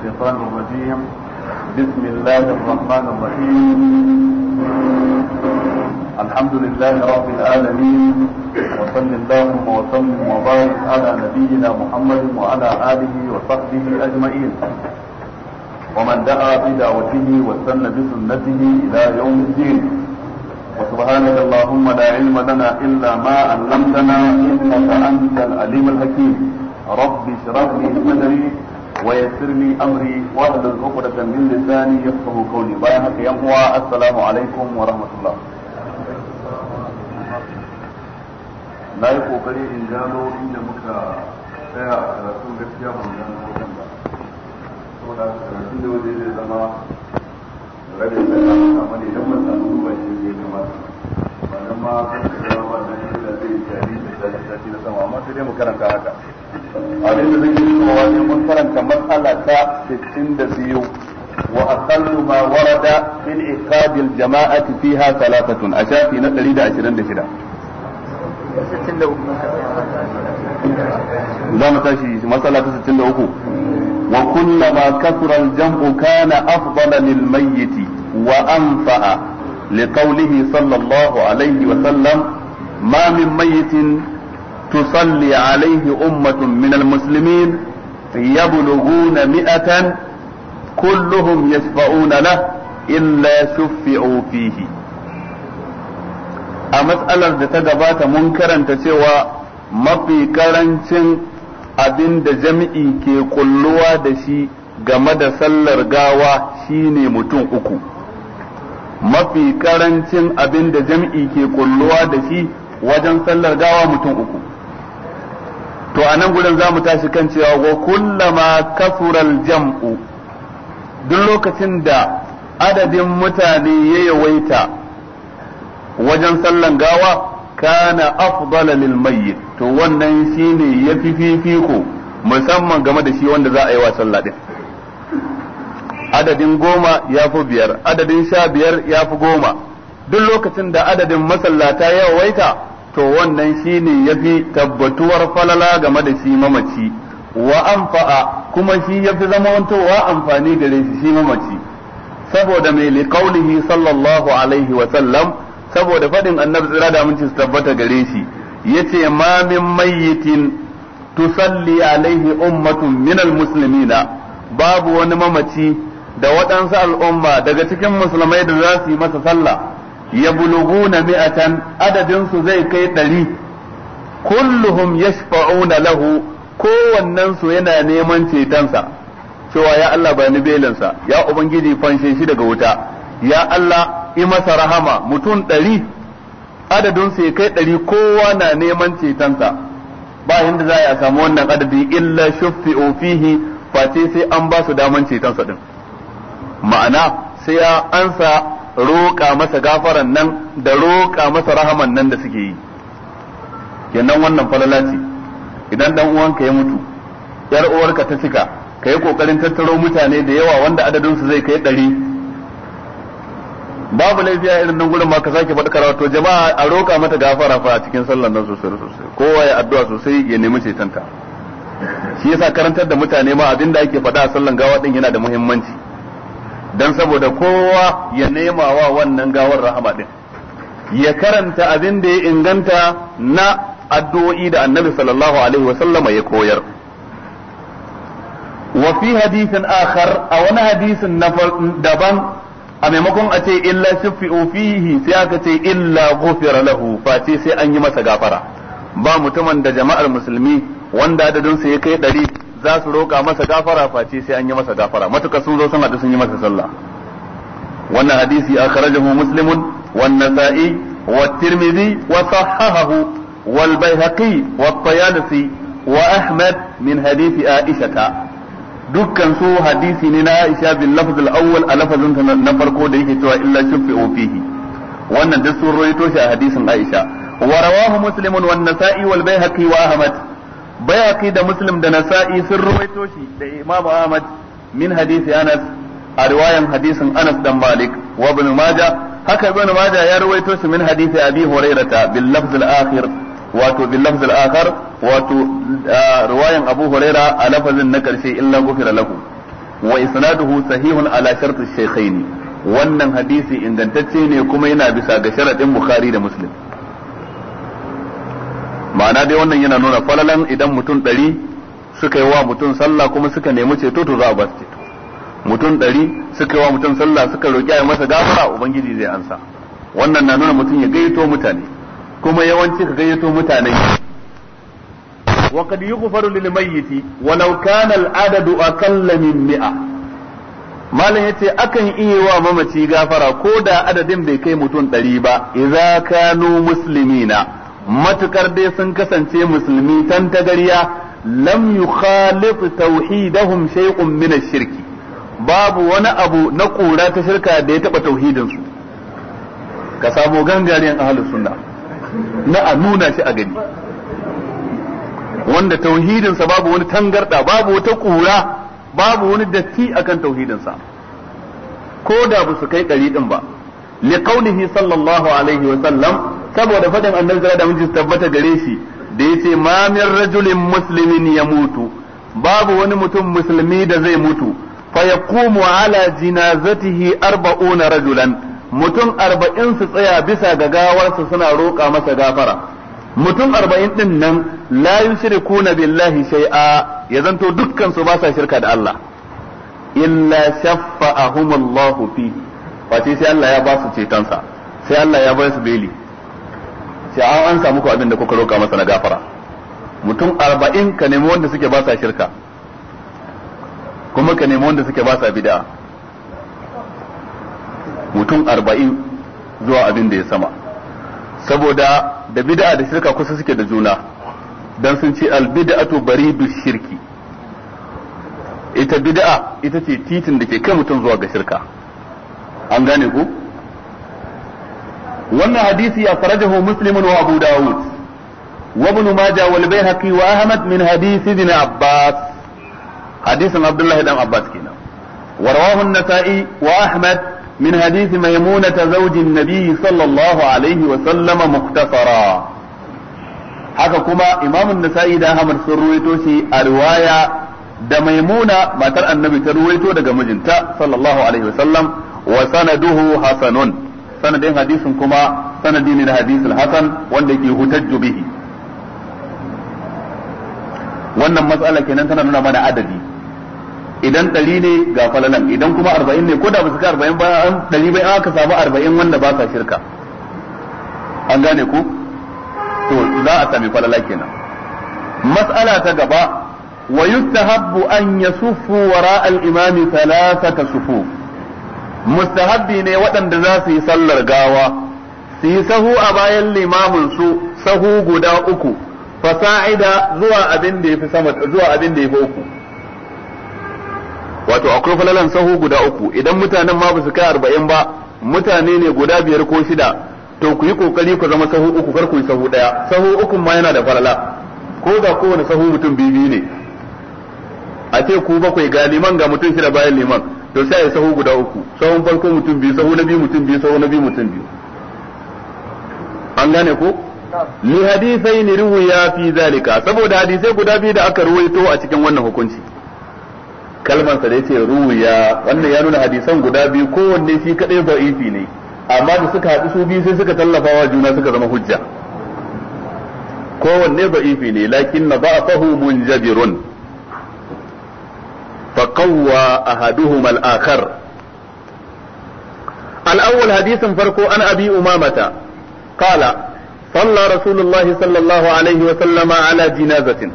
الشيطان الرجيم بسم الله الرحمن الرحيم الحمد لله رب العالمين وصل اللهم وسلم وبارك على نبينا محمد وعلى اله وصحبه اجمعين ومن دعا بدعوته واستنى بسنته الى يوم الدين وسبحانك اللهم لا علم لنا الا ما علمتنا انك انت العليم الحكيم رب اشرح لي صدري ويسر لي امري واحلل عقدة من لساني يفقه قولي بايعك يا السلام عليكم ورحمة الله na yi kokari in gano inda muka tsaya a karatun gaskiya ban gano wajen ba saboda karatun da waje zai zama rabin da ya kama ne don ban samu ruwan shi da ya kamata ba ma kan zama wannan yadda zai jari da tashi tashi na sama amma sai dai mu karanta haka abin da zan yi cewa ne mun karanta matsala ta 62 wa aqallu ma warada fil iqab al jama'ati fiha thalathatun a shafi na 126 za mu tashi matsala ta 63 wa kullama kasura al jam'u kana afdala lil mayyit wa anfa'a لقوله صلى الله عليه وسلم ما من ميت تصلي عليه أمة من المسلمين يبلغون مئة كلهم يشفعون له إلا شفعوا فيه a matsalar da ta gabata mun karanta cewa mafi karancin abin da jami'i ke kulluwa da shi game da sallar gawa shine mutum uku mafi karancin abin da jami'i ke kulluwa da shi wajen sallar gawa mutum uku to a nan gudan za mu tashi kan cewa wa kullama kafural jam'u duk lokacin da adadin mutane ya yawaita wajen sallan gawa kana afdala lil mayyit to wannan shine ya fi fifiko musamman game da shi wanda za a yi wa sallah din adadin goma ya fi biyar adadin sha biyar ya fi goma duk lokacin da adadin masallata ya yawaita to wannan shi ne ya fi tabbatuwar falala game da shi mamaci wa fa'a kuma shi ya fi yafi wa amfani gare shi shi mamaci saboda mai liƙaunihi sallallahu alaihi wa saboda faɗin annabi tsira da aminci su tabbata gare shi Ya yace ma min mayyitin tusalli alaihi ummatun minal na babu wani mamaci da waɗansu al'umma daga cikin musulmai da za su yi masa sallah yablughuna mi'atan adadin su zai kai ɗari kulluhum yashfa'una lahu kowannen su yana neman cetonsa cewa ya Allah ba ni belinsa ya ubangiji fanshe shi daga wuta ya Allah i masa rahama mutum ɗari adadin su ya kai ɗari kowa na neman cetonsa ba inda za a samu wannan adadi illa shuffi'u fihi face sai an ba su daman cetonsa din ma'ana sai ya ansa roƙa masa gafaran nan da roƙa masa rahaman nan da suke yi kenan wannan falala ce idan dan uwanka ya mutu yar uwarka ta cika kai kokarin tattaro mutane da yawa wanda adadin su zai kai ɗari babu laifiya a irin nan gurin ma ka sake faɗi to jama'a a roƙa mata gafara fa a cikin sallar nan sosai sosai kowa ya addu'a sosai ya nemi cetanta shi yasa karantar da mutane ma abinda ake faɗa a sallan gawa din yana da muhimmanci dan saboda kowa ya nema wa wannan gawar rahama din ya karanta abin da ya inganta na addu'o'i da annabi sallallahu alaihi wa sallama ya koyar wa fi hadithin akhar a wani hadisin na daban a maimakon a ce illa shuffi fihi sai aka ce illa ghufira lahu face sai an yi masa gafara ba mutumin da jama'ar musulmi wanda adadinsa ya kai ɗari za su roƙa masa gafara face sai an yi masa gafara matuka sun zo sun sun yi masa sallah wannan hadisi akhrajahu muslimun wan nasa'i wa tirmidhi wa sahahahu wal baihaqi wa tayalisi wa ahmad min hadisi aisha dukkan su hadisi ne na aisha bin lafz al awwal a lafazin na farko da yake cewa illa shufi fihi wannan duk sun roito shi a hadisin aisha wa rawahu muslimun wan nasa'i wal baihaqi wa ahmad bayaki da muslim da nasa'i sun ruwaito shi da imam ahmad min hadisi anas a riwayan hadisin anas dan malik wa ibn majah haka ibn majah ya ruwaito shi min hadisi abi hurairata bil lafz al akhir abu huraira a lafazin na karshe illa gufira lahu wa sahihun ala shart wannan hadisi ingantacce ne kuma yana bisa ga sharaɗin bukhari da muslim ma'ana dai wannan yana nuna falalan idan mutum ɗari suka yi wa mutum sallah kuma suka nemi ceto to za a basu ceto mutum ɗari suka yi wa mutum sallah suka roƙi a masa gafara ubangiji zai ansa wannan na nuna mutum ya gayyato mutane kuma yawanci ka gayyato mutane wa kad yughfaru lil mayyiti walau kana al adadu aqalla min mi'a malam yace akan iya wa mamaci gafara ko da adadin bai kai mutum ɗari ba idza kanu muslimina matukar dai sun kasance musulmi tan gariya lam yukhalif tauhidahum shay'un min ash-shirki babu wani abu na kura ta shirka da ya taba tauhidin su ka samu gangaren ahlus sunna na a nuna shi a gani wanda tauhidin sa babu wani tangarda babu wata kura babu wani datti akan tauhidin sa ko da ba su kai ɗari ɗin ba liqaulihi sallallahu alaihi wa sallam saboda faɗin annabi da mun wasallam tabbata gare shi da yace ma min rajulin muslimin ya mutu babu wani mutum musulmi da zai mutu fa yaqumu ala jinazatihi arba'una rajulan mutum arba'in su tsaya bisa ga gawarsa suna roƙa masa gafara mutum arba'in din nan la yushrikuna billahi shay'a ya zanto dukkan su ba sa shirka da Allah illa shaffa'ahumullahu fi wace sai Allah ya ba su cetonsa sai Allah ya ba su beli sai an an samu ku abin da kuka roka masa na gafara mutum arba'in ka nemi wanda suke ba sa shirka kuma ka nemi wanda suke ba sa bid'a mutum arba'in zuwa abin da ya sama saboda da bid'a da shirka kusa suke da juna dan sun ce al bid'atu baridu shirki ita bid'a ita ce titin da ke kai mutum zuwa ga shirka an gane ku wannan hadisi ya farajahu muslimun wa abu dawud wa ibn majah wal baihaqi wa ahmad min hadisi ibn abbas hadisin abdullahi dan abbas kenan wa rawahu an wa ahmad min hadisi maimunata zawjin nabiy sallallahu alaihi wa sallama mukhtasara haka kuma imamun nasa'i da ahmad sun ruwaito shi a riwaya da maimuna matar annabi ta ruwaito daga mijinta sallallahu alaihi wa sallam wa sanaduhu hasanun sanadin hadisin kuma sanadi ne na hadisul hasan wanda yake hutajju bihi wannan matsala kenan tana nuna mana adadi idan ɗari ne ga falalan idan kuma arba'in ne ko da ba su ka arba'in ba ɗari bai aka samu arba'in wanda ba sa shirka an gane ku to za a sami falala kenan Matsala ta gaba wa yustahabbu an yasuffu wara al-imami thalathata sufuf mustahabbi ne waɗanda za su yi sallar gawa su yi sahu a bayan limamin su sahu guda uku fasa'ida zuwa abin da yafi sama zuwa abin da yafi uku wato akwai falalan sahu guda uku idan mutanen ma ba su kai arba'in ba mutane ne guda biyar ko shida to ku yi kokari ku zama sahu uku kar ku yi sahu daya sahu uku ma yana da falala ko ga kowane sahu mutum bibi ne a ce ku bakwai ga liman ga mutum shida bayan liman to sai ya sahu guda uku sahun farko mutum biyu sahu na biyu mutum biyu sahu na biyu mutum biyu an gane ko li hadisai ruwa ruwiya fi zalika saboda hadisai guda biyu da aka ruwaito a cikin wannan hukunci kalmar sa da yace ruwiya wannan ya nuna hadisan guda biyu kowanne shi kadai da'ifi ne amma da suka haɗu su biyu sai suka tallafa wa juna suka zama hujja kowanne da'ifi ne lakin na ba'afahu munjabirun فقوى أحدهما الآخر الأول حديث فرقو عن أبي أمامة قال صلى رسول الله صلى الله عليه وسلم على جنازة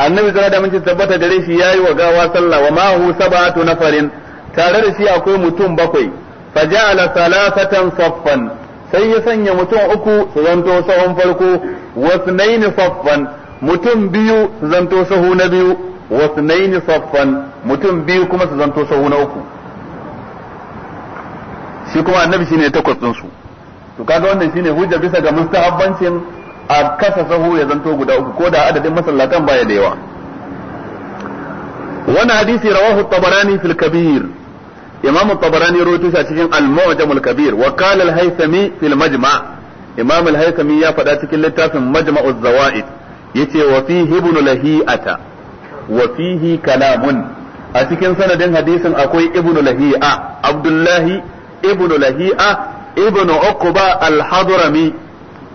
annabi zara da mun tabbata da shi yayi wa gawa sallah wa ma hu sab'atu nafarin tare da shi akwai mutum bakwai fa ja'ala salasatan saffan sai ya sanya mutum uku su zanto sahun farko wa sunaini saffan mutum biyu su zanto sahu na biyu wasu naini saffan mutum biyu kuma su zanto sahu na uku shi kuma annabi shine takwas din su to kaga wannan shine hujja bisa ga mustahabbancin a kasa sahu ya zanto guda uku ko da adadin masallatan baya da yawa wannan hadisi rawahu tabarani fil kabir imam tabarani rawaito shi a cikin al-mu'jam al-kabir wa qala al-haythami fil majma' imam al-haythami ya faɗa cikin littafin majma'uz zawaid yace wa fihi ibn lahi'ata wa fihi kalamun a cikin sanadin hadisin akwai ibnu lahi'a abdullahi ibnu lahi'a ibnu uqba al-hadrami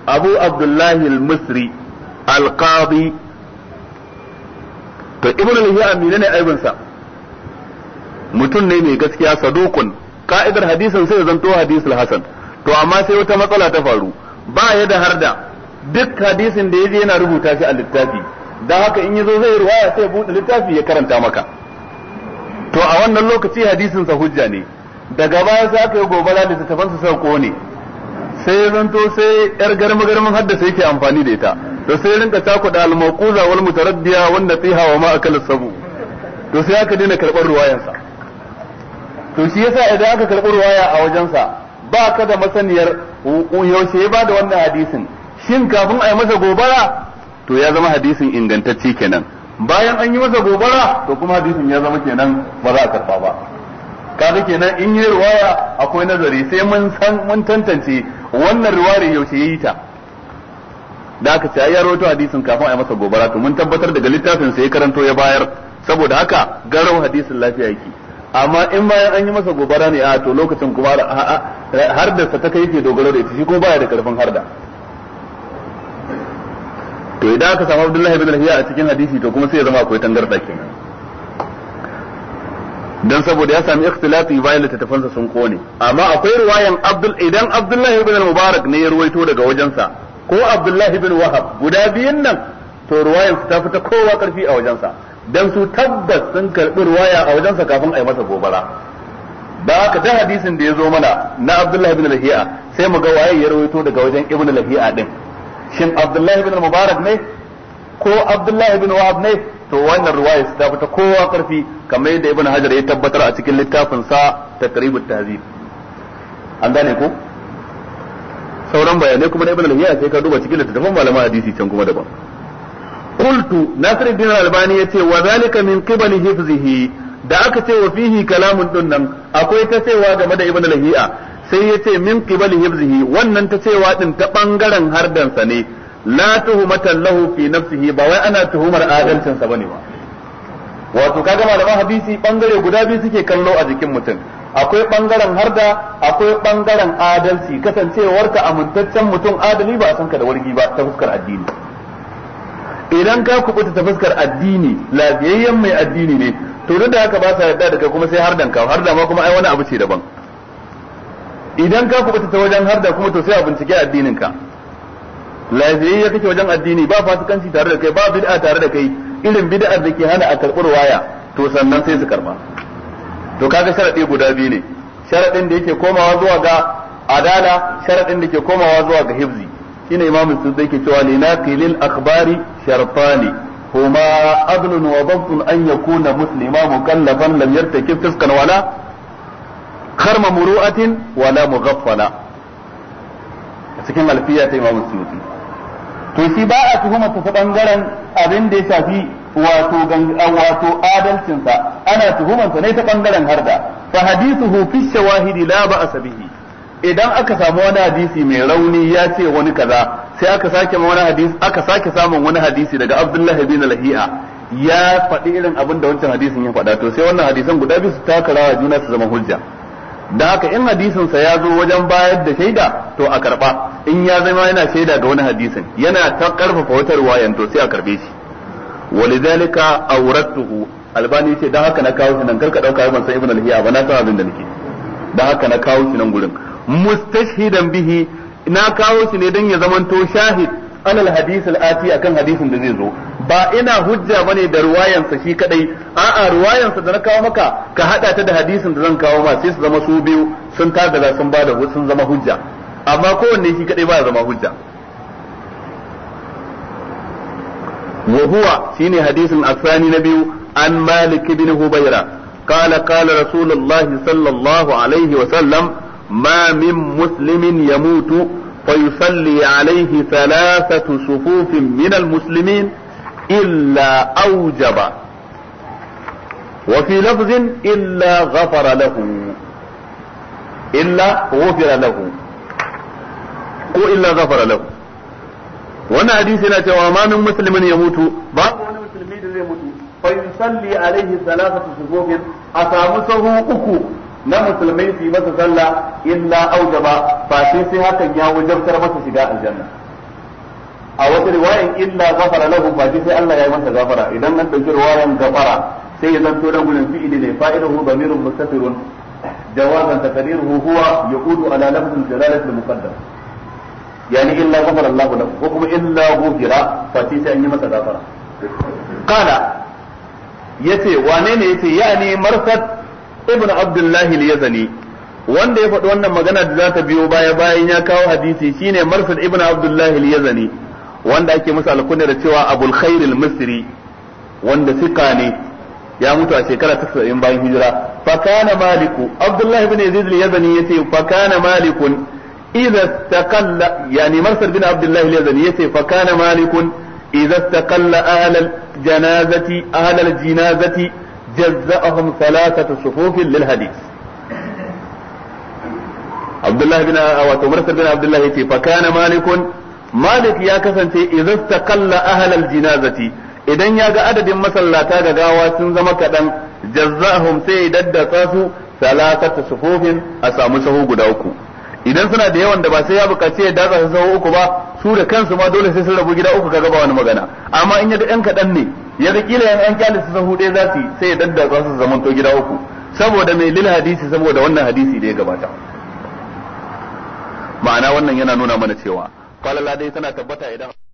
abu abdullahi al-misri al-qadi to ibnu lahi'a menene aibinsa mutum ne mai gaskiya sadukun ka'idar hadisin sai zanto hadisul hasan to amma sai wata matsala ta faru ba ya da harda duk hadisin da yaje yana rubuta shi a littafi Da haka in yazo zai riwaya sai bude littafi ya karanta maka to a wannan lokaci hadisin sa hujja ne daga baya sai aka yi gobara da littattafan sa sai ne. sai zanto sai yar garma garman haddasa yake amfani da ita to sai rinka takuda al-mawquza wal mutaraddiya wan nasiha wa ma akala sabu to sai aka daina karbar ruwayansa to shi yasa idan aka karbar ruwaya a wajensa ba ka da masaniyar yaushe ya bada wannan hadisin shin kafin a yi masa gobara to ya zama hadisin ingantacce kenan bayan an yi masa gobara to kuma hadisin ya zama kenan ba za a karba ba kaga kenan in yi riwaya akwai nazari sai mun san mun tantance wannan riwayar yaushe yayi ta da aka ce ya rawaito hadisin kafin a yi masa gobara to mun tabbatar daga littafin sai karanto ya bayar saboda haka garau hadisin lafiya yake amma in bayan an yi masa gobara ne a to lokacin kuma da ta kai ke dogaro da ita shi kuma baya da karfin harda to idan aka samu abdullahi bin rahiya a cikin hadisi to kuma sai ya zama akwai tangarda kenan dan saboda ya sami ikhtilafi bayan sa sun kone amma akwai riwayan abdul idan abdullahi bin mubarak ne ya ruwaito daga wajensa ko abdullahi bin wahab guda biyun nan to riwayan ta fita kowa karfi a wajensa dan su tabbas sun karbi riwaya a wajensa kafin a yi masa gobara Ba ka ta hadisin da ya zo mana na abdullahi bin lahiya sai mu ga waye ya rawaito daga wajen Ibn lahiya din shin abdullahi bin mubarak ne ko abdullahi bin wahab ne to wannan ruwaya su ta fita kowa karfi kamar yadda ibn hajar ya tabbatar a cikin littafin sa taqribut tahzib an gane ko sauran bayanai kuma na ibn al-hayya sai ka duba cikin littafin malaman hadisi can kuma daban qultu nasiruddin al-albani yace wa zalika min qibali hifzihi da aka ce wa fihi kalamun din nan akwai ta cewa game da ibn al-hayya sai ya ce min qibali hibzihi wannan ta cewa din ta bangaren hardansa ne la tuhmatan lahu fi nafsihi ba wai ana tuhumar adalcin sa bane ba wato kaga malaman hadisi bangare guda biyu suke kallo a jikin mutum akwai bangaren harda akwai bangaren adalci kasancewarka amintaccen mutum adali ba a san ka da wargi ba ta fuskar addini idan ka kubuta ta fuskar addini lafiyayyen mai addini ne to duk da haka ba sa yarda da kai kuma sai hardan ka harda ma kuma ai wani abu ce daban idan ka kubuta ta wajen harda kuma to sai a bincike addinin ka lafiyayye kake wajen addini ba fasikanci tare da kai ba bid'a tare da kai irin bid'ar da ke hana a karɓar waya to sannan sai su karba to kaga sharadi guda biyu ne sharadin da yake komawa zuwa ga adala sharadin da ke komawa zuwa ga hifzi shine imamu sun zai ke cewa linaqilil akhbari shartani huma adlun wa an yakuna muslima mukallafan lam yartakib fiskan wala karma muru'atin wala mughaffala a cikin alfiya ta imamu suyuti to shi ba a tuhuma ta bangaren abin da ya shafi wato wato adalcinsa ana tuhumansa ne ta bangaren harda fa hadithuhu fi shawahidi la ba'sa bihi idan aka samu wani hadisi mai rauni ya ce wani kaza sai aka sake wani hadisi aka sake samun wani hadisi daga Abdullahi bin Lahi'a ya faɗi irin abin da wancan hadisin ya faɗa to sai wannan hadisan guda biyu su taka rawa juna su zama hujja da haka in hadisin sa ya zo wajen bayar da shaida to a karba in ya zama yana shaida ga wani hadisin yana ta karfafa wata wayan to sai a karbe shi walidhalika awrattuhu albani ce da haka na kawo shi nan karka dauka ban san ibn al-hiya ba na san abin da nake da haka na kawo shi nan gurin mustashhidan bihi na kawo shi ne dan ya zamanto shahid alal hadith al-ati akan hadisin da zai zo ba ina hujja bane da ruwayansa shi kadai a'a ruwayansa da na kawo maka ka hada ta da hadisin da zan kawo ma sai su zama su biyu sun da sun bada sun zama hujja amma kowanne shi kadai ba zama hujja wa huwa shine hadisin asani na biyu an malik ibn hubayra qala qala rasulullahi sallallahu alaihi wa sallam ma min muslimin yamutu فيصلي alaihi ثلاثة sufufin من المسلمين إلا أوجب وفي لفظ إلا غفر له إلا غفر له ko illa ghafara lahu wannan hadisi yana cewa ma min muslimin ya mutu babu wani musulmi da zai mutu fa yusalli alaihi thalathatu shububin a uku na musulmai su yi masa sallah illa aujaba ba sai sai hakan ya wajabtar masa shiga aljanna a wata riwayan illa ghafara lahu ba sai Allah ya yi masa gafara idan nan dauki riwayan gafara sai ya zanto da gurin fi'ili ne fa'iluhu damirun mustatirun jawazan taqdiruhu huwa yaqudu ala lafzin jalalati muqaddam yani illa ghafara Allah lahu ko kuma illa ghufira fa sai an yi masa gafara qala yace wane ne yace yani marsad ibn abdullah al-yazani wanda ya faɗi wannan magana da za ta biyo baya bayan ya kawo hadisi shine marsad ibn abdullah al-yazani wanda ake masa alkunya da cewa abul khairil misri wanda sika ne ya mutu a shekara ta 70 bayan hijira fa kana maliku ibn yazid al-yazani yace fa kana malikun idza yani marsal bin al-yazani yace fa kana malikun idza ahla al-janazati ahla al-jinazati jazza'ahum lil hadith bin marsal bin yace fa kana malikun malik ya kasance idan taqalla ahlal jinazati idan ya ga adadin masallata da gawa sun zama kaɗan jazzahum sai ya daddatsa su sufufin a samu sahu guda uku idan suna da yawan da ba sai ya bukaci ya datsa su sahu uku ba su da kansu ma dole sai sun rabu gida uku kaga ba wani magana amma in ya da ɗan kaɗan ne ya ga kila yan an su sahu ɗaya zasu sai ya daddatsa su zaman to gida uku saboda mai lil hadisi saboda wannan hadisi da ya gabata ma'ana wannan yana nuna mana cewa falala dai tana tabbata idan